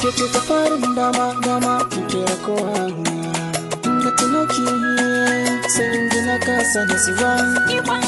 ke ce farin dama dama kike kowa inda tunaki sai in na kasa da zuwa